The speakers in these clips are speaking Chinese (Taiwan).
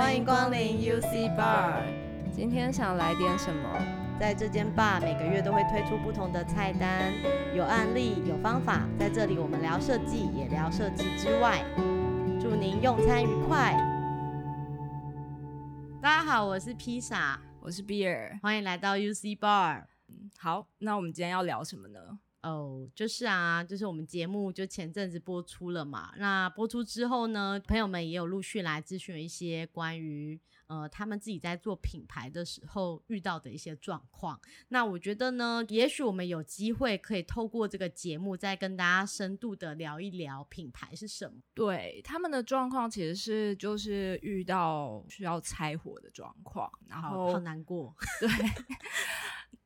歡迎光臨 UXI BAR。今天想來點什麼？在這間 bar 每個月都會推出不同的菜單，有案例，有方法。在這裡，我們聊設計，也聊設計之外。祝您用餐愉快。大家好，我是披薩，我是 Beer，歡迎來到 UXI BAR。嗯，好，那我們今天要聊什麼呢？哦，oh, 就是啊，就是我們節目就前陣子播出了嘛。那播出之後呢，朋友們也有陸續來諮詢一些關於呃他們自己在做品牌的時候遇到的一些狀況。那我覺得呢，也許我們有機會可以透過這個節目再跟大家深度的聊一聊品牌是什麼。對他們的狀況，其實是就是遇到需要拆夥的狀況，然後好難過。對。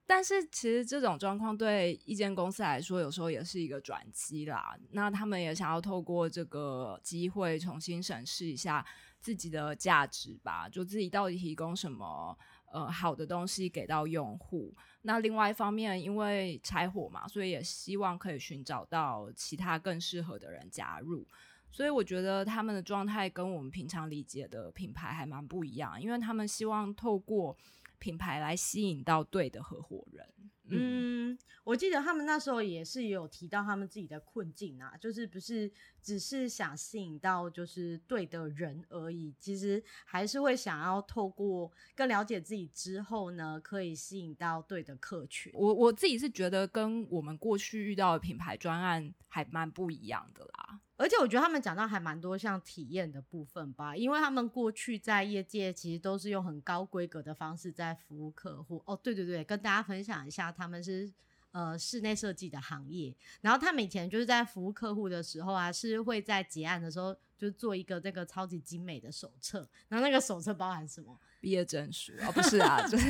但是其實這種狀況對一間公司來說，有時候也是一個轉機啦。那他們也想要透過這個機會重新審視一下自己的價值吧，就自己到底提供什麼呃好的東西給到用戶。那另外一方面，因為柴火嘛，所以也希望可以尋找到其他更適合的人加入。所以我覺得他們的狀態跟我們平常理解的品牌還蠻不一樣，因為他們希望透過。品牌來吸引到對的合夥人。嗯，我記得他們那時候也是有提到他們自己的困境啊，就是不是只是想吸引到就是對的人而已，其實還是會想要透過更了解自己之後呢，可以吸引到對的客群。我我自己是覺得跟我們過去遇到的品牌專案還蠻不一樣的啦，而且我覺得他們講到還蠻多像體驗的部分吧，因為他們過去在業界其實都是用很高規格的方式在服務客戶。哦，對對對，跟大家分享一下。他們是呃室內設計的行業，然後他每天就是在服務客戶的時候啊，是會在結案的時候就做一個這個超級精美的手冊。然後那個手冊包含什麼？畢業證書啊？不是啊， 就是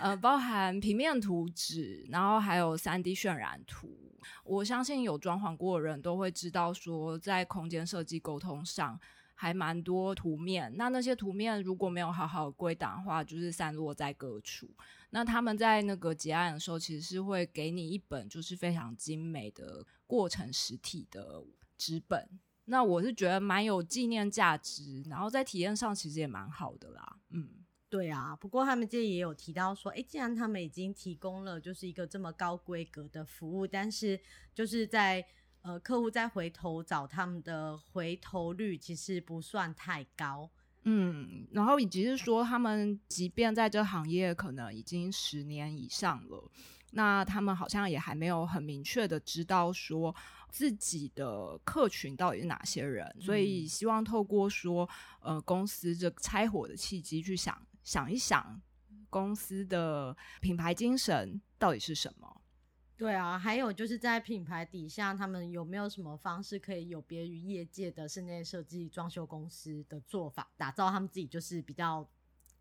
呃，包含平面圖紙，然後還有三 D 渲染圖。我相信有裝潢過的人都會知道，說在空間設計溝通上，還蠻多圖面，那那些圖面如果沒有好好歸檔的話，就是散落在各處。那他們在那個結案的時候，其實是會給你一本就是非常精美的過程實體的紙本。那我是覺得蠻有紀念價值，然後在體驗上其實也蠻好的啦。嗯，對啊。不過他們這裡也有提到說，哎、欸，既然他們已經提供了就是一個這麼高規格的服務，但是就是在。呃，客戶再回頭找他們的回頭率其實不算太高，嗯，然後以及是說，他們即便在這行業可能已經十年以上了，那他們好像也還沒有很明確的知道說自己的客群到底是哪些人，嗯，所以希望透過說，呃，公司這拆夥的契機去想想一想公司的品牌精神到底是什麼。對啊，還有就是在品牌底下，他們有沒有什麼方式可以有別於業界的室內設計裝修公司的做法，打造他們自己就是比較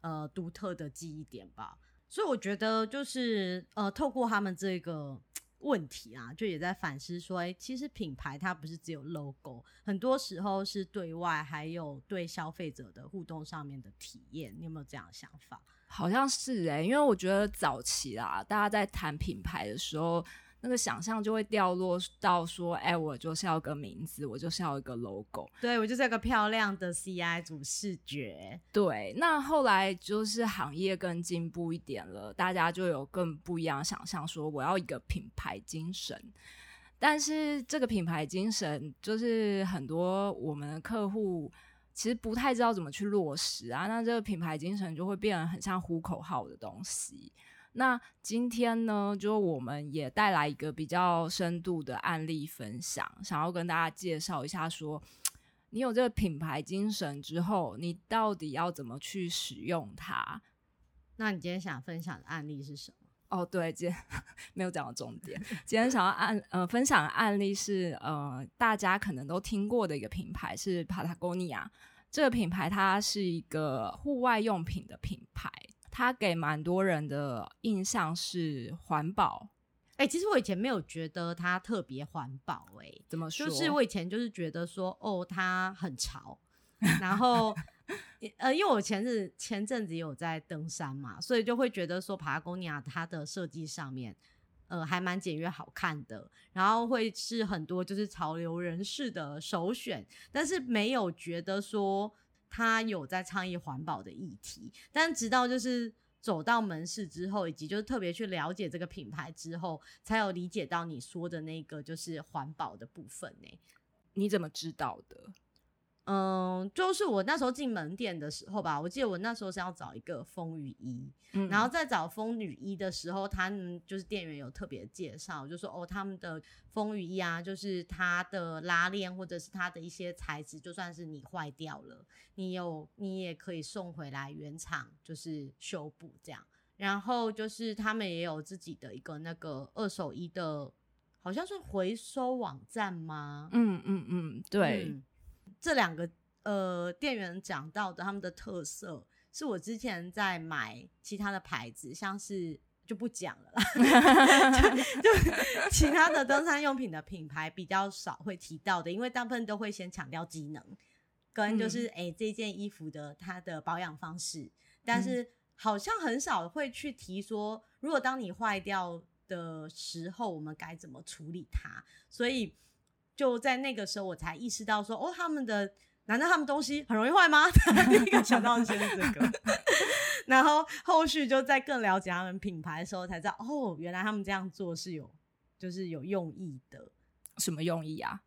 呃獨特的記憶點吧？所以我覺得就是呃透過他們這個問題啊，就也在反思說，哎、欸，其實品牌它不是只有 logo，很多時候是對外還有對消費者的互動上面的體驗，你有沒有這樣的想法？好像是哎、欸，因為我覺得早期啦，大家在談品牌的時候，那個想象就會掉落到說，哎、欸，我就是要個名字，我就是要一個 logo。對，我就是要一個漂亮的 CI 主視覺。對，那後來就是行業更進步一點了，大家就有更不一樣想象，說我要一個品牌精神，但是這個品牌精神就是很多我們的客戶。其實不太知道怎麼去落實啊，那這個品牌精神就會變得很像呼口號的東西。那今天呢，就我們也帶來一個比較深度的案例分享，想要跟大家介紹一下說，說你有這個品牌精神之後，你到底要怎麼去使用它？那你今天想分享的案例是什麼？哦，oh, 對，今天沒有講到重點。今天想要案呃分享的案例是呃大家可能都聽過的一個品牌，是 Patagonia 這個品牌，它是一個戶外用品的品牌，它給蠻多人的印象是環保。哎、欸，其實我以前沒有覺得它特別環保。欸，哎，怎麼說？就是我以前就是覺得說哦，它很潮，然後。 呃，因為我前日前陣子有在登山嘛，所以就會覺得說 Patagonia 它的設計上面，呃，還蠻簡約好看的，然後會是很多就是潮流人士的首選。但是沒有覺得說它有在倡議環保的議題。但直到就是走到門市之後，以及就是特別去了解這個品牌之後，才有理解到你說的那個就是環保的部分呢、欸。你怎麼知道的？嗯，就是我那時候進門店的時候吧，我記得我那時候是要找一個風雨衣，嗯嗯，然後在找風雨衣的時候，他們就是店員有特別介紹，就說哦，他們的風雨衣啊，就是它的拉鏈或者是它的一些材質，就算是你壞掉了，你有你也可以送回來原廠，就是修補這樣。然後就是他們也有自己的一個那個二手衣的，好像是回收網站嗎？嗯嗯嗯，對。嗯這兩個呃，店員講到的他們的特色，是我之前在買其他的牌子，像是就不講了啦， 就，就其他的登山用品的品牌比較少會提到的，因為大部分都會先強調機能，跟就是哎、嗯欸、這件衣服的它的保養方式，但是、嗯、好像很少會去提說，如果當你壞掉的時候，我們該怎麼處理它，所以。就在那個時候，我才意識到說，哦，他們的難道他們東西很容易壞嗎？第一個想到就是這個， 然後後續就在更了解他們品牌的時候，才知道哦，原來他們這樣做是有就是有用意的，什麼用意啊？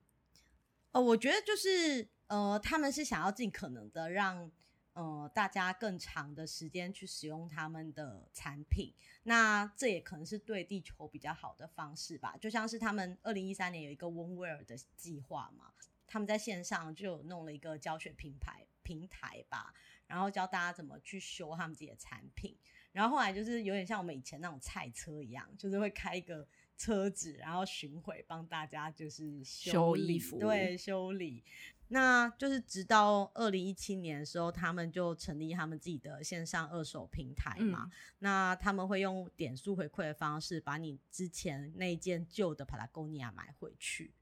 呃，我覺得就是呃，他們是想要盡可能的讓。呃，大家更長的時間去使用他們的產品，那這也可能是對地球比較好的方式吧。就像是他們二零一三年有一個 Worn Wear 的計劃嘛，他們在線上就弄了一個教學品牌平台吧，然後教大家怎麼去修他們自己的產品。然後後來就是有點像我們以前那種菜車一樣，就是會開一個車子，然後巡回幫大家就是修理，修理服對，修理。那就是直到二零一七年的時候，他們就成立他們自己的線上二手平台嘛。嗯、那他們會用點數回饋的方式，把你之前那件舊的帕拉貢尼亞買回去。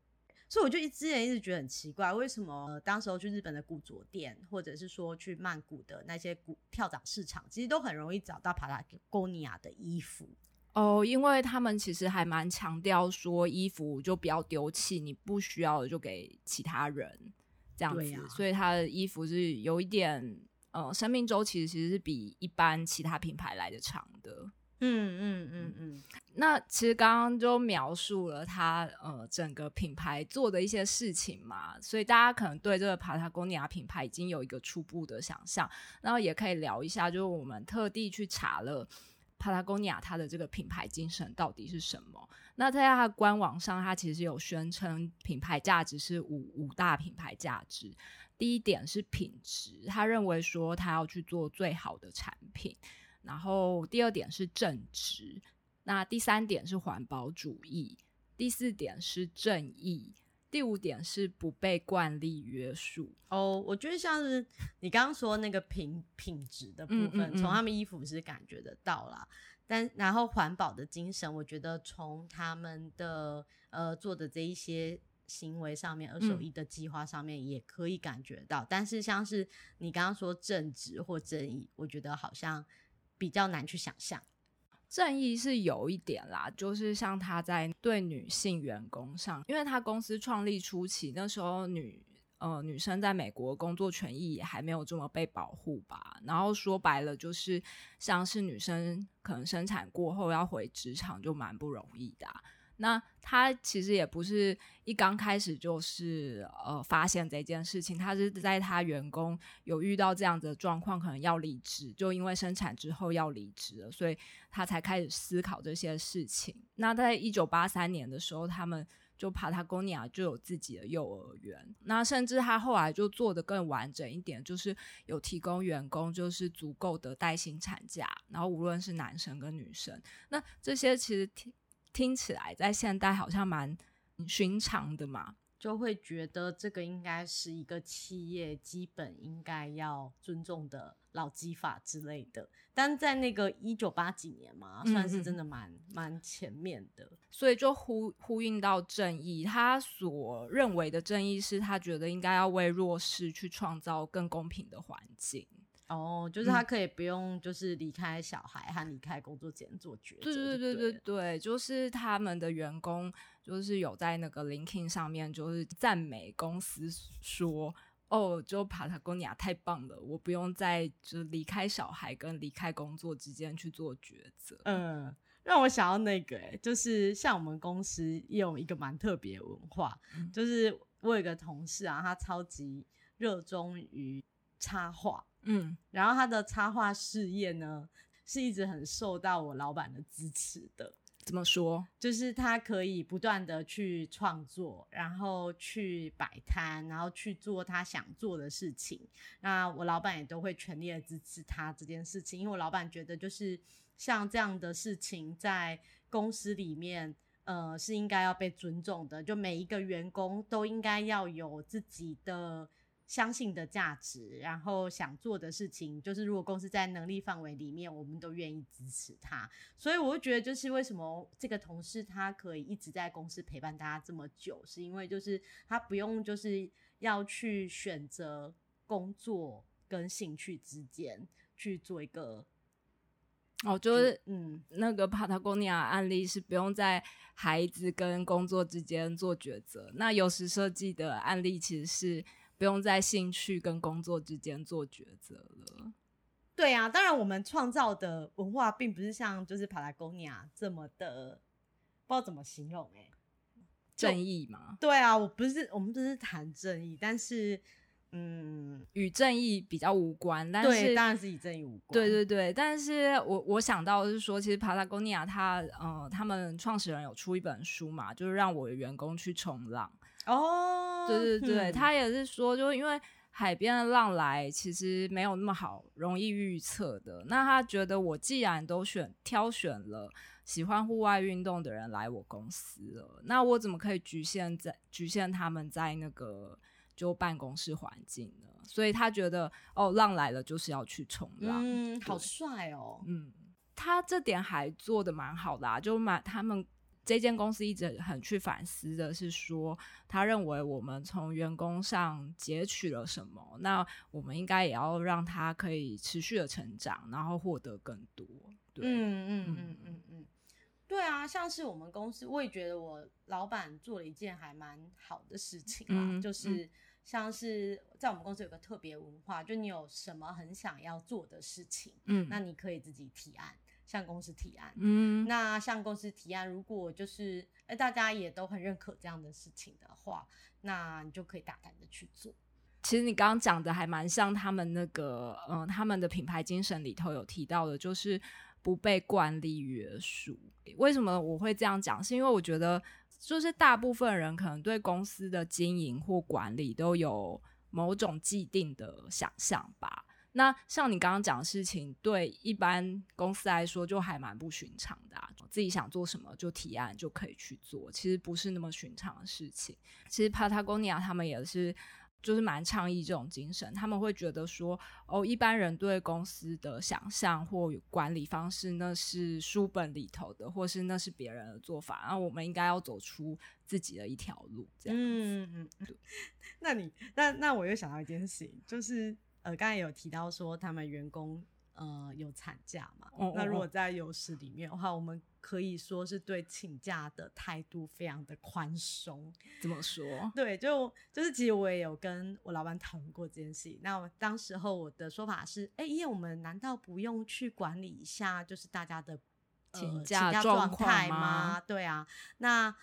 所以我就一之前一直覺得很奇怪，為什麼、呃、當時候去日本的古着店，或者是說去曼谷的那些古跳蚤市場，其實都很容易找到帕拉貢尼亞的衣服。哦，因為他們其實還蠻強調說，衣服就不要丟棄，你不需要就給其他人。這樣子，啊、所以它的衣服是有一點呃，生命週期其實是比一般其他品牌來得長的。嗯嗯嗯嗯。嗯嗯嗯，那其實剛剛就描述了它呃整個品牌做的一些事情嘛，所以大家可能對這個 Patagonia 品牌已經有一個初步的想象。然後也可以聊一下，就是我們特地去查了。Patagonia 它的這個品牌精神到底是什麼？那在它官網上，它其實有宣稱品牌價值是五五大品牌價值。第一點是品質，他認為說他要去做最好的產品。然後第二點是正直，那第三點是環保主義，第四點是正義。第五點是不被慣例約束哦，oh, 我覺得像是你剛剛說那個品品質的部分，從、嗯嗯嗯、他們衣服是感覺得到啦，但然後環保的精神，我覺得從他們的呃做的這一些行為上面，二手衣的計劃上面也可以感覺到，嗯、但是像是你剛剛說正直或正義，我覺得好像比較難去想象。正義是有一點啦，就是像他在對女性員工上，因為他公司創立初期那時候女呃女生在美國工作權益也還沒有這麼被保護吧，然後說白了就是像是女生可能生產過後要回職場就蠻不容易的啊。那他其實也不是一剛開始就是呃發現這件事情，他是在他員工有遇到這樣的狀況，可能要離職，就因為生產之後要離職了，所以他才開始思考這些事情。那在一九八三年的時候，他們就帕塔哥尼亞就有自己的幼兒園。那甚至他後來就做得更完整一點，就是有提供員工就是足夠的帶薪產假，然後無論是男生跟女生，那這些其實。聽起來在現代好像蠻尋常的嘛，就會覺得這個應該是一個企業基本應該要尊重的勞基法之類的。但在那個一九八幾年嘛，算是真的蠻蠻、嗯嗯、前面的，所以就呼呼應到正義，他所認為的正義是他覺得應該要為弱勢去創造更公平的環境。哦，就是他可以不用，就是離開小孩和離開工作之間做抉擇。對、嗯、對對對對，就是他們的員工就是有在那個 LinkedIn 上面就是讚美公司說，說哦，就 Patagonia 太棒了，我不用在就是離開小孩跟離開工作之間去做抉擇。嗯，讓我想要那個、欸，哎，就是像我們公司有一個蠻特別文化，嗯、就是我有一個同事啊，他超級熱衷於插畫。嗯，然後他的插畫事業呢，是一直很受到我老板的支持的。怎麼說？就是他可以不斷的去創作，然後去擺攤，然後去做他想做的事情。那我老板也都會全力的支持他這件事情，因為我老板覺得就是像這樣的事情在公司裡面，呃，是應該要被尊重的，就每一個員工都應該要有自己的相信的價值，然後想做的事情，就是如果公司在能力範圍裡面，我們都願意支持他。所以，我會覺得，就是為什麼這個同事他可以一直在公司陪伴大家這麼久，是因為就是他不用就是要去選擇工作跟興趣之間去做一個。哦，就是嗯，嗯那個 Patagonia 案例是不用在孩子跟工作之間做抉擇。那有時設計的案例其實是。不用在興趣跟工作之間做抉擇了。對啊，當然我們創造的文化並不是像就是帕拉 n i a 這麼的，不知道怎麼形容哎、欸，正義嗎？對啊，我不是，我們這是談正義，但是嗯，與正義比較無關。但是對，當然是與正義無關。對對對，但是我我想到是說，其實帕拉貢尼亞他呃，他們創始人有出一本書嘛，就是讓我的員工去衝浪。哦，oh, 對對對，嗯，他也是說，就因為海邊的浪來，其實沒有那麼好容易預測的。那他覺得，我既然都選挑選了喜歡戶外運動的人來我公司了，那我怎麼可以局限在局限他們在那個就辦公室環境呢？所以他覺得，哦，浪來了就是要去衝浪，嗯，對，好帥哦，嗯，他這點還做得蠻好的啊，就蠻他們。這間公司一直很去反思的是說，他認為我們從員工上截取了什麼？那我們應該也要讓他可以持續地成長，然後獲得更多。對，嗯嗯嗯嗯嗯，嗯，對啊，像是我們公司，我也覺得我老板做了一件還蠻好的事情啦，嗯，就是像是在我們公司有個特別文化，就你有什麼很想要做的事情，嗯，那你可以自己提案。向公司提案，嗯，那向公司提案，如果就是哎，大家也都很認可這樣的事情的話，那你就可以大膽的去做。其實你剛剛講的還蠻像他們那個，嗯，他們的品牌精神裡頭有提到的，就是不被慣例約束。為什麼我會這樣講？是因為我覺得，就是大部分人可能對公司的經營或管理都有某種既定的想象吧。那像你剛剛講的事情，對一般公司來說就還蠻不尋常的，啊。自己想做什麼就提案就可以去做，其實不是那麼尋常的事情。其實 Patagonia 他們也是，就是蠻倡議這種精神。他們會覺得說，哦，一般人對公司的想象或管理方式，那是書本裡頭的，或是那是別人的做法。那、啊、我們應該要走出自己的一條路。這樣嗯嗯嗯。嗯對那你，那那我又想到一件事情，就是。呃，剛才有提到說他們員工呃有產假嘛，哦哦哦，那如果在 UXI 裡面的話，我們可以說是對請假的態度非常的寬鬆。怎麼說？ 對，就就是其實我也有跟我老板討論過這件事。那當時候我的說法是，哎、欸，因為我們難道不用去管理一下就是大家的、呃、請假狀態嗎？嗎對啊，那。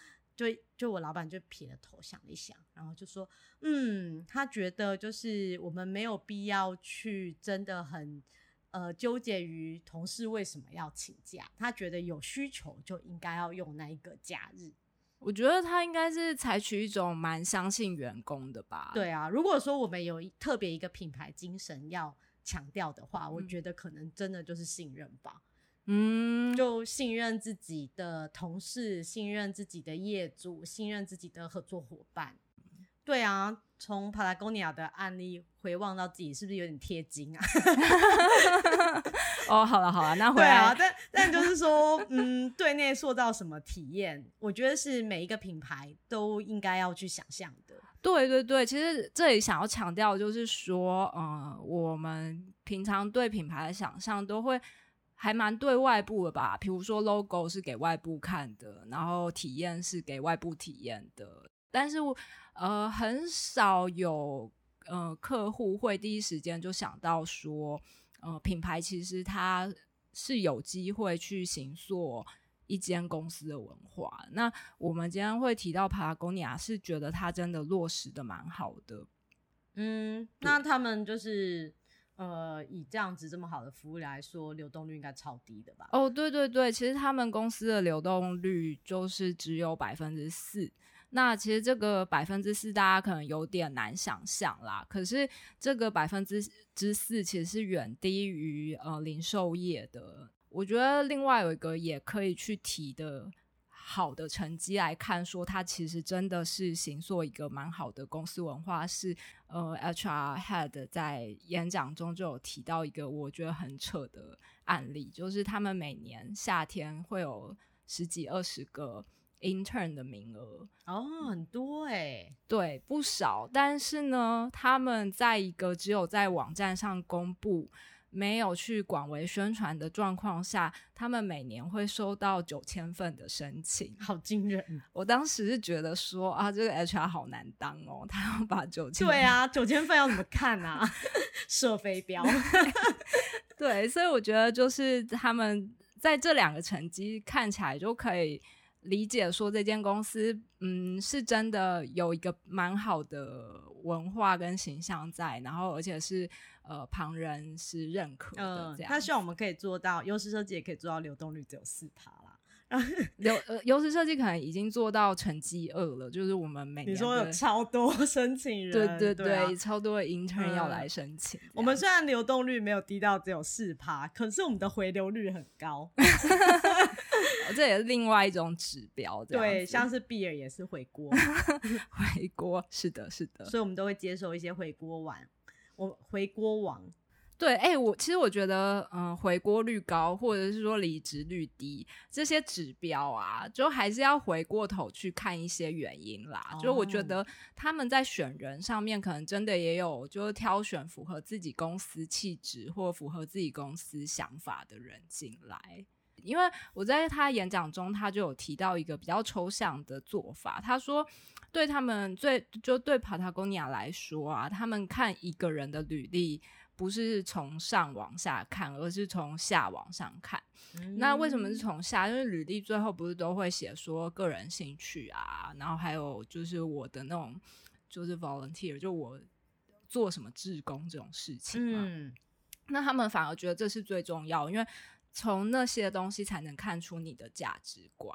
就就我老闆就撇了頭想了一想，然後就說，嗯，他覺得就是我們沒有必要去真的很，呃，糾結於同事為什麼要請假。他覺得有需求就應該要用那一個假日。我覺得他應該是採取一種蠻相信員工的吧。對啊，如果說我們有特別一個品牌精神要強調的話，嗯，我覺得可能真的就是信任吧。嗯，就信任自己的同事，信任自己的業主，信任自己的合作夥伴。對啊，從 Patagonia 的案例回望到自己，是不是有點貼金啊？哦，好了好了，好啊、那回來啊。但但就是說， 嗯，對內塑造什麼體驗，我覺得是每一個品牌都應該要去想象的。對對對，其實這裡想要強調就是說，嗯，我們平常對品牌的想象都會。還蠻對外部的吧，比如說 logo 是給外部看的，然後體驗是給外部體驗的。但是，呃，很少有呃客戶會第一時間就想到說，呃，品牌其實它是有機會去形塑一間公司的文化。那我們今天會提到 Patagonia，是覺得它真的落實得蠻好的。嗯，那他們就是。呃，以這樣子這麼好的服務來說，流動率應該超低的吧？哦，oh, 對對對，其實他們公司的流動率就是只有百分之四。那其實這個百分之四，大家可能有點難想象啦。可是這個百分之之四，其實是遠低於呃零售業的。我覺得另外有一個也可以去提的。好的成績來看說，說他其實真的是形塑一個蠻好的公司文化。是呃，HR Head 在演講中就有提到一個我覺得很扯的案例，就是他們每年夏天會有十幾二十個 Intern 的名額哦，oh, 很多哎，欸，對，不少。但是呢，他們在一個只有在網站上公布，沒有去廣為宣傳的狀況下，他們每年會收到九千份的申請，好驚人！我當時是覺得說啊，這個 HR 好難當哦，他要把九千對啊，九千份要怎麼看啊？射 飛鏢 對，所以我覺得就是他們在這兩個成績看起來就可以理解說，這間公司嗯，是真的有一個蠻好的文化跟形象在，然後而且是。呃，旁人是認可的，這樣、呃、他希望我們可以做到。優勢設計也可以做到流動率只有四趴了。啦 流呃，優勢設計可能已經做到成績二了，就是我們每年你說有超多申請人，對對對，對啊、超多 intern 要來申請、呃。我們雖然流動率沒有低到只有四趴，可是我們的回流率很高， 喔、這也是另外一種指標。對，像是畢爾、er、也是回鍋 回鍋是的，是的，所以我們都會接受一些回鍋完。回鍋王，對，哎、欸，我其實我覺得，嗯，回鍋率高或者是說離職率低這些指標啊，就還是要回過頭去看一些原因啦。就我覺得他們在選人上面，可能真的也有就是挑選符合自己公司氣質或符合自己公司想法的人進來。因為我在他演講中，他就有提到一個比較抽象的做法，他說。對他們最就對 Patagonia 來說啊，他們看一個人的履歷不是從上往下看，而是從下往上看。嗯、那為什麼是從下？因為履歷最後不是都會寫說個人興趣啊，然後還有就是我的那種就是 volunteer 就我做什麼志工這種事情嘛。嗯、那他們反而覺得這是最重要的，因為從那些東西才能看出你的價值觀，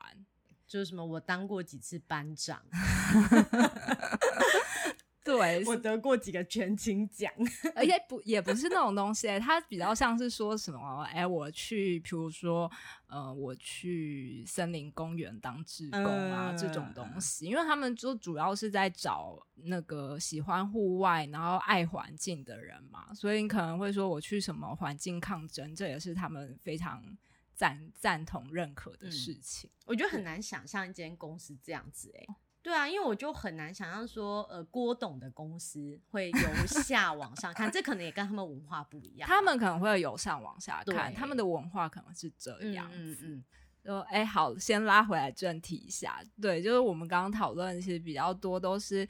就是什麼我當過幾次班長。 哈哈哈！哈 對，對我得過幾個全勤獎， 而且不也不是那種東西、欸，它比較像是說什麼，哎、欸，我去，比如說，呃，我去森林公園當志工啊，嗯、這種東西，因為他們就主要是在找那個喜歡戶外，然後愛環境的人嘛，所以你可能會說，我去什麼環境抗爭，這也是他們非常贊贊同認可的事情。嗯、我覺得很難想象一間公司這樣子、欸，哎。對啊，因為我就很難想象說，呃，郭董的公司會由下往上看， 這可能也跟他們文化不一樣、啊。他們可能會由上往下看，對他們的文化可能是這樣子。嗯嗯嗯。說、嗯嗯欸，好，先拉回來正題一下。對，就是我們剛剛討論，其實比較多都是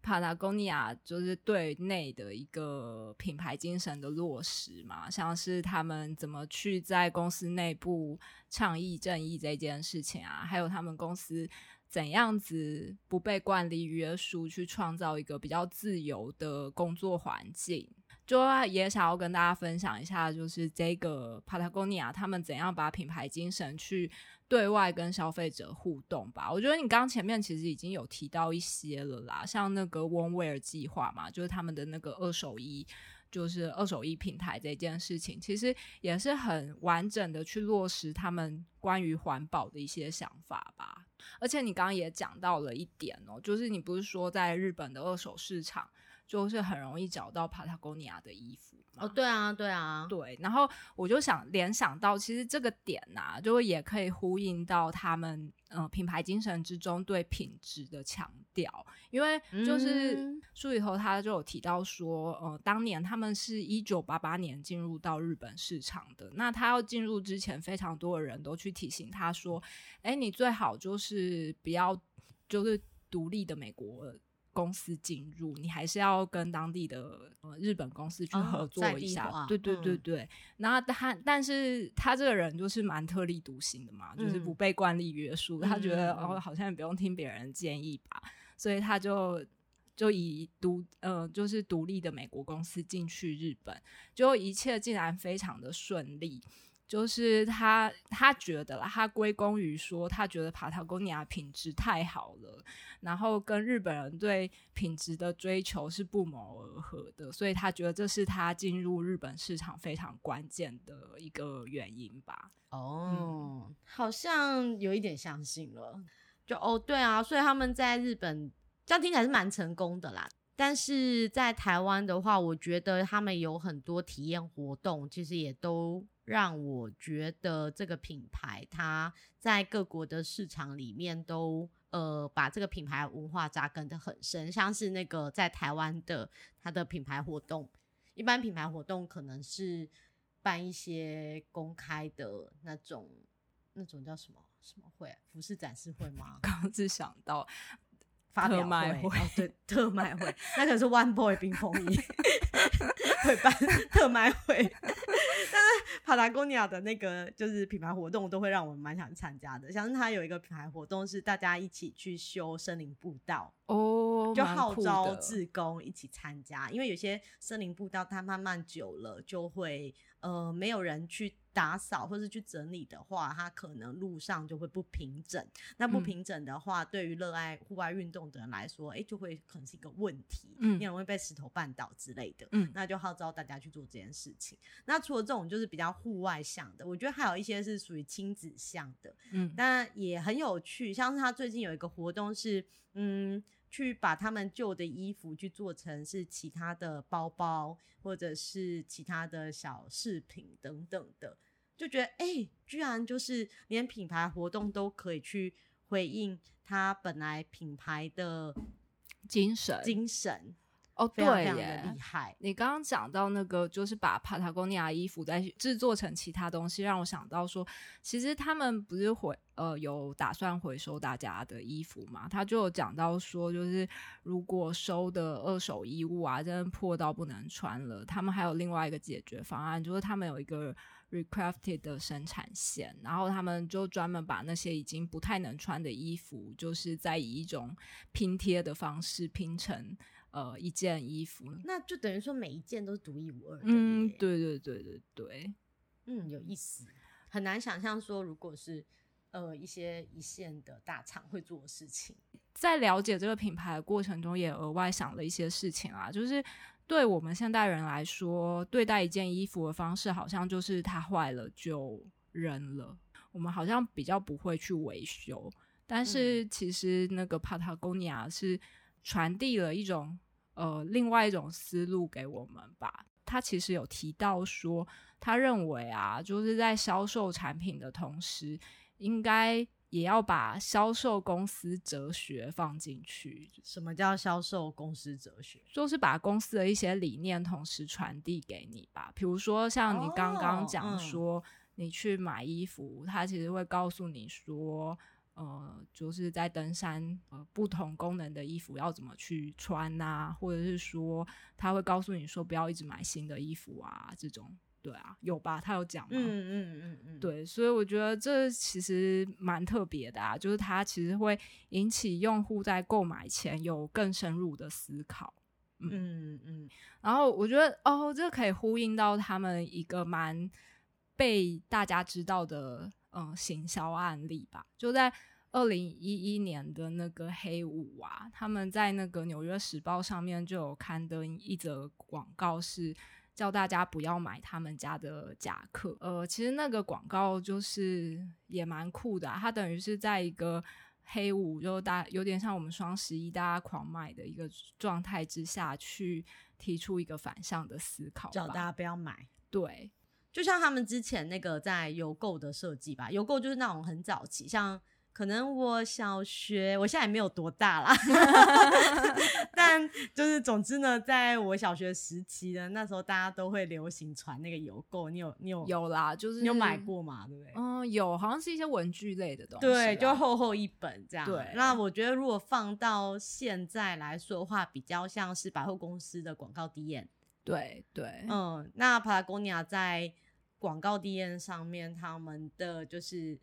，Patagonia 就是對內的一個品牌精神的落實嘛，像是他們怎麼去在公司內部倡議正義這件事情啊，還有他們公司。怎樣子不被慣例約束，去創造一個比較自由的工作環境，就、啊、也想要跟大家分享一下，就是這個 Patagonia 他們怎樣把品牌精神去對外跟消費者互動吧。我覺得你剛前面其實已經有提到一些了啦，像那個 Worn Wear 計劃嘛，就是他們的那個二手衣，就是二手衣平台這件事情，其實也是很完整的去落實他們關於環保的一些想法吧。而且你剛剛也講到了一點哦，就是你不是說在日本的二手市場，就是很容易找到 Patagonia 的衣服哦，對啊，對啊，對。然後我就想聯想到，其實這個點吶、啊，就也可以呼應到他們呃品牌精神之中對品質的強調。因為就是、嗯、書裡頭他就有提到說，呃，當年他們是一九八八年進入到日本市場的，那他要進入之前，非常多的人都去提醒他說，哎、欸，你最好就是不要就是獨立的美國公司進入，你還是要跟當地的呃日本公司去合作一下，哦、對對對對。嗯、然後他，但是他這個人就是蠻特立獨行的嘛，嗯、就是不被慣例約束的。他覺得哦，好像也不用聽別人建議吧，所以他就就以獨呃就是獨立的美國公司進去日本，就一切竟然非常的順利。就是他，他覺得啦，他歸功於說，他覺得帕塔哥尼亞品質太好了，然後跟日本人對品質的追求是不謀而合的，所以他覺得這是他進入日本市場非常關鍵的一個原因吧。哦，嗯、好像有一點相信了，就哦，對啊，所以他們在日本這樣聽起來是蠻成功的啦。但是在台灣的話，我覺得他們有很多體驗活動，其實也都。讓我覺得這個品牌它在各國的市場裡面都呃把這個品牌文化扎根得很深，像是那個在台灣的它的品牌活動，一般品牌活動可能是辦一些公開的那種那種叫什麼什麼會，服飾展示會嗎？剛剛只想到發表會，特賣會，哦、對， 特賣會，那可能是 One Boy 冰風衣 會辦特賣會。Patagonia 的那個就是品牌活動，都會讓我蠻想參加的。像是它有一個品牌活動，是大家一起去修森林步道哦，oh, 就號召志工一起參加，因為有些森林步道它慢慢久了就會。呃，沒有人去打掃或是去整理的話，它可能路上就會不平整。那不平整的話，嗯、對於熱愛戶外運動的人來說、欸，就會可能是一個問題。嗯，你容易被石頭絆倒之類的。嗯，那就號召大家去做這件事情。嗯、那除了這種就是比較戶外向的，我覺得還有一些是屬於親子向的。嗯，那也很有趣。像是他最近有一個活動是，嗯。去把他們舊的衣服去做成是其他的包包，或者是其他的小飾品等等的，就覺得哎、欸，居然就是連品牌活動都可以去回應他本來品牌的精神精神。哦，非常非常的厲害對耶！你剛剛講到那個，就是把帕塔貢尼亞衣服再製作成其他東西，讓我想到說，其實他們不是回呃有打算回收大家的衣服嘛？他就有講到說，就是如果收的二手衣物啊，真的破到不能穿了，他們還有另外一個解決方案，就是他們有一個 recrafted 的生產線，然後他們就專門把那些已經不太能穿的衣服，就是在以一種拼貼的方式拼成。呃，一件衣服，那就等於說每一件都是獨一無二的。嗯，對對對對對，嗯，有意思，很難想象說如果是呃一些一線的大廠會做的事情。在了解這個品牌的過程中，也額外想了一些事情啊，就是對我們現代人來說，對待一件衣服的方式，好像就是它壞了就扔了，我們好像比較不會去維修。但是其實那個 Patagonia 是，傳遞了一種呃，另外一種思路給我們吧。他其實有提到說，他認為啊，就是在銷售產品的同時，應該也要把銷售公司哲學放進去。什麼叫銷售公司哲學？就是把公司的一些理念同時傳遞給你吧。比如說像你剛剛講說，oh, um. 你去買衣服，他其實會告訴你說，呃，就是在登山，呃，不同功能的衣服要怎麼去穿啊？或者是說，他會告訴你說不要一直買新的衣服啊，這種對啊，有吧？他有講嗎？嗯嗯嗯嗯嗯。對，所以我覺得這其實蠻特別的啊，就是他其實會引起用戶在購買前有更深入的思考。嗯嗯，嗯，嗯。然後我覺得哦，這可以呼應到他們一個蠻被大家知道的嗯，行銷案例吧，就在二零一一年的那個黑五啊，他們在那個《紐約時報》上面就有刊登一則廣告，是叫大家不要買他們家的夾克。呃，其實那個廣告就是也蠻酷的，啊，它等於是在一個黑五就大有點像我們雙十一大家狂買的一個狀態之下去提出一個反向的思考，叫大家不要買。對。就像他們之前那個在郵購的設計吧，郵購就是那種很早期，像可能我小學，我現在也沒有多大啦。 但就是總之呢，在我小學時期呢，那時候，大家都會流行傳那個郵購，你有你有有啦，就是你有買過嘛，對不對？嗯，有，好像是一些文具類的東西。對，就厚厚一本這樣。對，對那我覺得如果放到現在來說的話，比較像是百貨公司的廣告 DM。對對，對，嗯，那 Patagonia 在廣告 DM 上面，他們的就是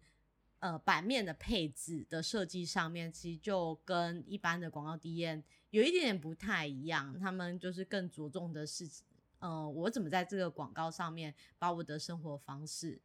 呃，版面的配置的設計上面，其實就跟一般的廣告 DM 有一點點不太一樣。他們就是更着重的是，嗯、呃，我怎麼在這個廣告上面把我的生活方式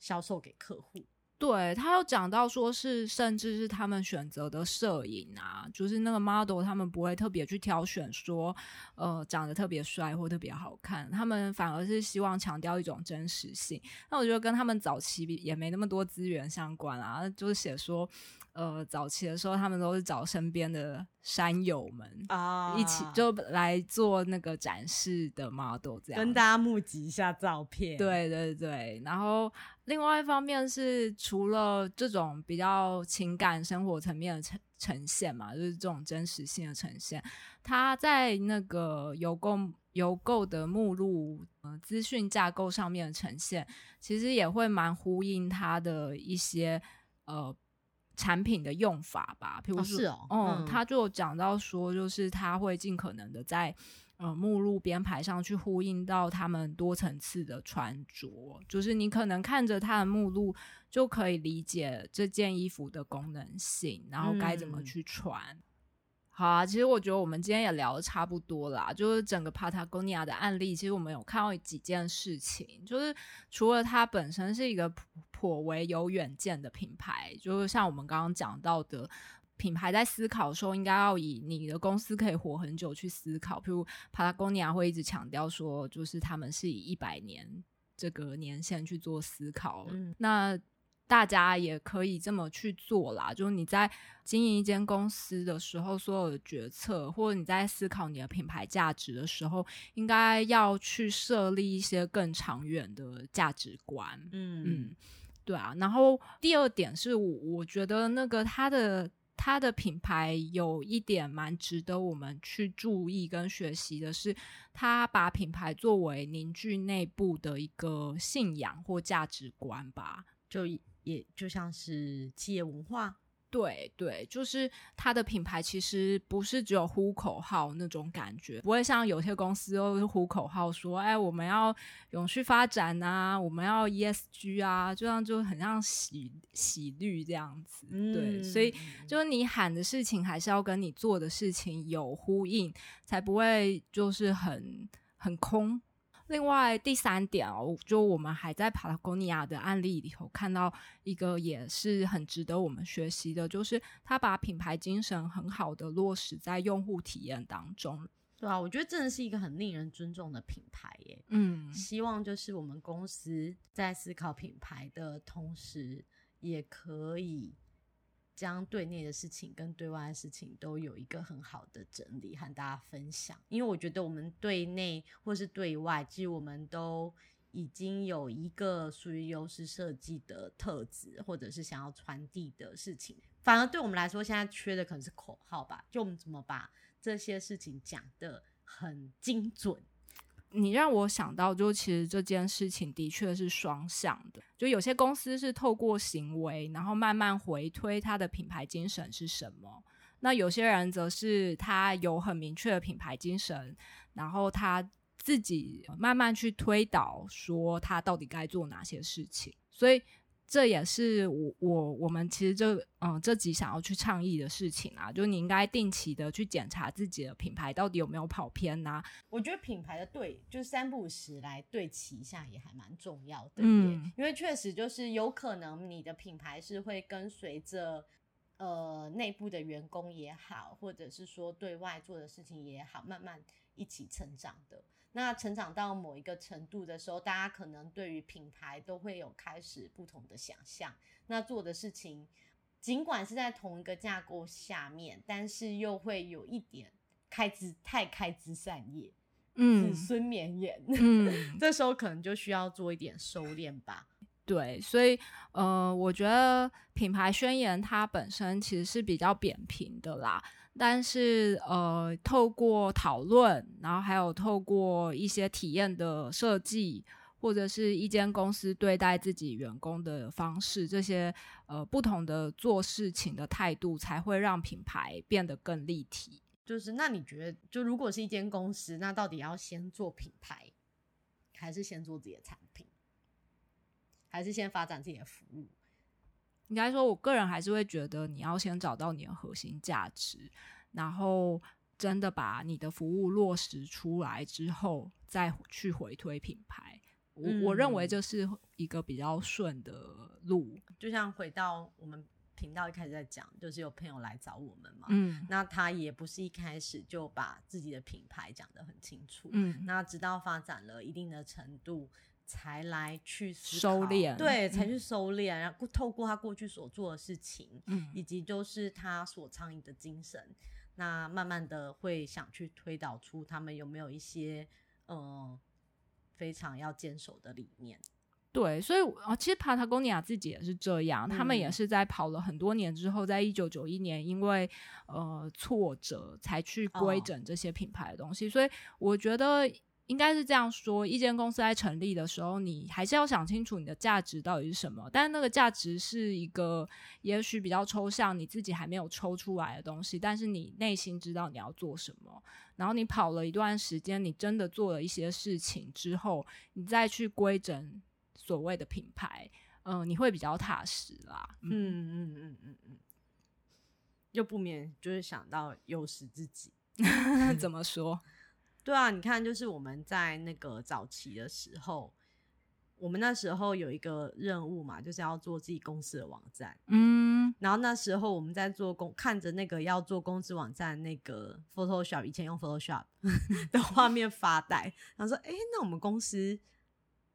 銷售給客戶。對他有講到，說是甚至是他們選擇的攝影啊，就是那個 model，他們不會特別去挑選說，呃，長得特別帥或特別好看，他們反而是希望強調一種真實性。那我覺得跟他們早期也沒那麼多資源相關啊，就是寫說。呃，早期的時候，他們都是找身邊的山友們啊，一起就來做那個展示的 model，這樣子跟大家募集一下照片。對對對，然後另外一方面是除了這種比較情感生活層面的呈呈現嘛，就是這種真實性的呈現，他在那個郵購郵購的目錄呃資訊架構上面的呈現，其實也會蠻呼應他的一些呃。產品的用法吧，譬如說，哦是哦、嗯，嗯，他就講到說，就是他會盡可能的在呃目錄編排上去呼應到他們多層次的穿着，就是你可能看着他的目錄就可以理解這件衣服的功能性，然後該怎麼去穿。嗯好啊，其實我覺得我們今天也聊得差不多啦，就是整個 Patagonia 的案例，其實我們有看到幾件事情，就是除了它本身是一個頗頗為有遠見的品牌，就是像我們剛剛講到的，品牌在思考的時候，應該要以你的公司可以活很久去思考，譬如 Patagonia 會一直強調說，就是他們是以一百年這個年限去做思考，嗯，那。大家也可以這麼去做啦，就是你在經營一間公司的時候，所有的決策，或者你在思考你的品牌價值的時候，應該要去設立一些更長遠的價值觀。嗯嗯，對啊。然後第二點是我，我我覺得那個他的他的品牌有一點蠻值得我們去注意跟學習的是，是他把品牌作為凝聚內部的一個信仰或價值觀吧，就。也就像是企業文化，對對，就是它的品牌其實不是只有呼口號那種感覺，不會像有些公司又呼口號說，哎，我們要永續發展啊，我們要 ESG 啊，這樣就很像洗洗綠這樣子，嗯、對，所以就是你喊的事情還是要跟你做的事情有呼應，才不會就是很很空。另外第三點哦，就我們還在 Patagonia 的案例裡頭看到一個也是很值得我們學習的，就是他把品牌精神很好的落實在用戶體驗當中。對啊，我覺得這是一個很令人尊重的品牌耶。嗯，希望就是我們公司在思考品牌的同時，也可以。將對內的事情跟對外的事情都有一個很好的整理和大家分享，因為我覺得我們對內或是對外，其實我們都已經有一個屬於優勢設計的特質，或者是想要傳遞的事情。反而對我們來說，現在缺的可能是口號吧，就我們怎麼把這些事情講得很精準。你讓我想到，就其實這件事情的確是雙向的。就有些公司是透過行為，然後慢慢回推他的品牌精神是什麼；那有些人則是他有很明確的品牌精神，然後他自己慢慢去推導，說他到底該做哪些事情。所以。這也是我我我們其實就嗯，這集想要去倡議的事情啊，就你應該定期的去檢查自己的品牌到底有沒有跑偏吶、啊。我覺得品牌的對，就三不五時來對齊一下也還蠻重要的，對對嗯、因為確實就是有可能你的品牌是會跟隨着呃內部的員工也好，或者是說對外做的事情也好，慢慢一起成長的。那成長到某一個程度的時候，大家可能對於品牌都會有開始不同的想象。那做的事情，儘管是在同一個架構下面，但是又會有一點開支太開枝散葉，嗯、子孫綿延。嗯、 這時候可能就需要做一點收斂吧。對，所以呃，我覺得品牌宣言，它本身其實是比較扁平的啦。但是，呃，透過討論，然後還有透過一些體驗的設計，或者是一間公司對待自己員工的方式，這些呃不同的做事情的態度，才會讓品牌變得更立體。就是，那你覺得，就如果是一間公司，那到底要先做品牌，還是先做自己的產品，還是先發展自己的服務？應該說，我個人還是會覺得你要先找到你的核心價值，然後真的把你的服務落實出來之後，再去回推品牌。嗯，我我認為這是一個比較順的路。就像回到我們頻道一開始在講，就是有朋友來找我們嘛，嗯，那他也不是一開始就把自己的品牌講得很清楚，嗯，那直到發展了一定的程度。才來去收斂，對，才去收斂，嗯、然後透過他過去所做的事情，嗯、以及就是他所倡議的精神，那慢慢的會想去推導出他們有沒有一些呃非常要堅守的理念。對，所以啊，其實 Patagonia 自己也是這樣，嗯、他們也是在跑了很多年之後，在一九九一年因為呃挫折才去規整這些品牌的東西，哦、所以我覺得。應該是這樣說，一間公司在成立的時候，你還是要想清楚你的價值到底是什麼。但是那個價值是一個也許比較抽象，你自己還沒有抽出來的東西。但是你內心知道你要做什麼，然後你跑了一段時間，你真的做了一些事情之後，你再去規整所謂的品牌，嗯、呃，你會比較踏實啦。嗯嗯嗯嗯嗯，嗯，又不免就是想到有時自己 怎麼說？對啊，你看，就是我們在那個早期的時候，我們那時候有一個任務嘛，就是要做自己公司的網站。嗯，然後那時候我們在做公，看着那個要做公司網站那個 Photoshop，以前用 Photoshop 的畫面發呆， 然後說：“哎，那我們公司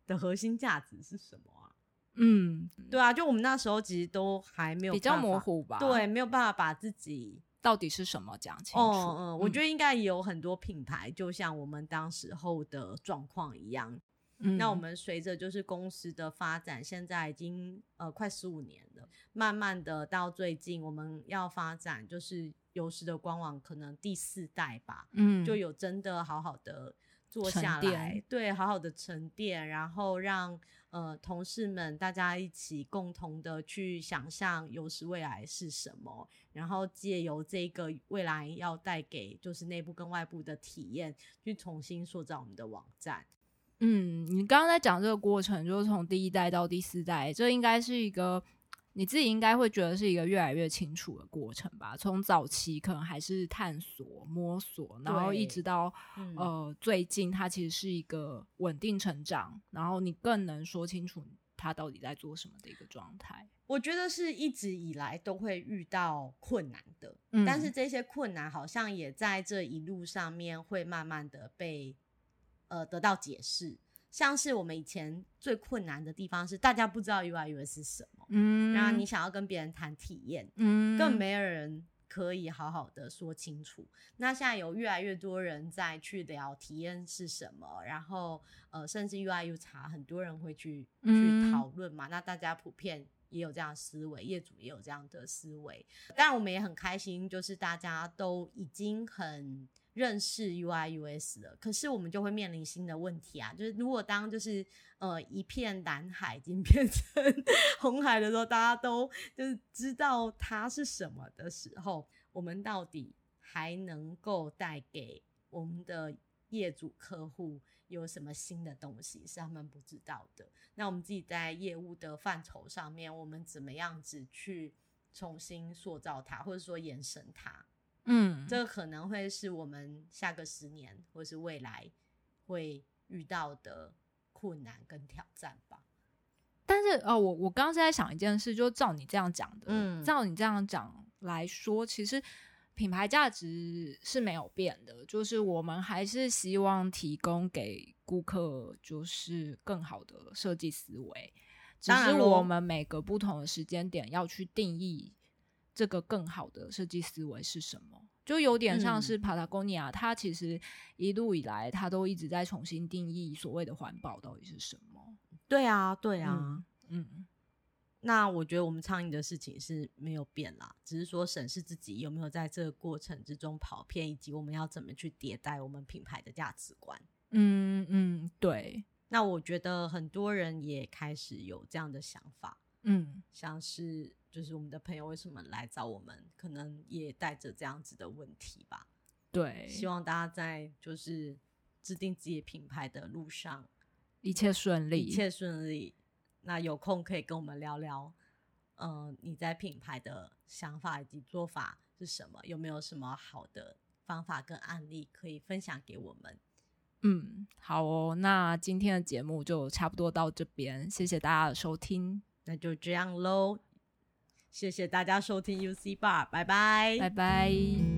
的核心價值是什麼啊？”嗯，對啊，就我們那時候其實都還沒有比較模糊吧，對，沒有辦法把自己。到底是什麼？講清楚。嗯、oh, uh, 嗯，我覺得應該有很多品牌，就像我們當時候的狀況一樣。嗯，那我們隨着就是公司的發展，現在已經呃快十五年了，慢慢的到最近，我們要發展，就是有時的官網可能第四代吧。嗯，就有真的好好的做下來，沉澱。對，好好的沉澱，然後讓。呃，同事們，大家一起共同的去想象有時未來是什麼，然後借由這個未來要帶給就是內部跟外部的體驗，去重新塑造我們的網站。嗯，你剛剛在講這個過程，就是從第一代到第四代，這應該是一個。你自己應該會覺得是一個越來越清楚的過程吧？從早期可能還是探索、摸索，然後一直到、嗯、呃最近，它其實是一個穩定成長，然後你更能說清楚它到底在做什麼的一個狀態。我覺得是一直以來都會遇到困難的，嗯、但是這些困難好像也在這一路上面會慢慢的被呃得到解釋。像是我們以前最困難的地方是，大家不知道 UI UX 是什麼，嗯，然後你想要跟別人談體驗，嗯，根本沒有人可以好好的說清楚。那現在有越來越多人在去聊體驗是什麼，然後呃，甚至 UI UX，很多人會去去討論嘛，嗯，那大家普遍也有這樣的思維，業主也有這樣的思維，當然我們也很開心，就是大家都已經很。認識 U I U S 的。可是我們就會面臨新的問題啊！就是如果當就是呃一片藍海已經變成紅海的時候，大家都就是知道它是什麼的時候，我們到底還能夠帶給我們的業主客戶有什麼新的東西是他們不知道的？那我們自己在業務的範疇上面，我們怎麼樣子去重新塑造它，或者說延伸它？嗯，這可能會是我們下個十年或是未來會遇到的困難跟挑戰吧。但是哦，我我剛剛是在想一件事，就照你這樣講的，嗯，照你這樣講來說，其實品牌價值是沒有變的，就是我們還是希望提供給顧客就是更好的設計思維，只是我們每個不同的時間點要去定義。當然。這個更好的設計思維是什麼？就有點像是 Patagonia，嗯，它其實一路以來，它都一直在重新定義所謂的環保到底是什麼。對啊，對啊。嗯，嗯。那我覺得我們倡議的事情是沒有變啦，只是說審視自己有沒有在這個過程之中跑偏，以及我們要怎麼去迭代我們品牌的價值觀。嗯嗯，對。那我覺得很多人也開始有這樣的想法，嗯，像是。就是我們的朋友為什麼來找我們，可能也帶着這樣子的問題吧。對，希望大家在就是制定自己品牌的路上，一切順利，一切順利。那有空可以跟我們聊聊，嗯、呃，你在品牌的想法以及做法是什麼？有沒有什麼好的方法跟案例可以分享給我們？嗯，好哦，那今天的節目就差不多到這邊，謝謝大家的收聽，那就這樣嘍。謝謝大家收聽 UXI BAR，拜拜，拜拜。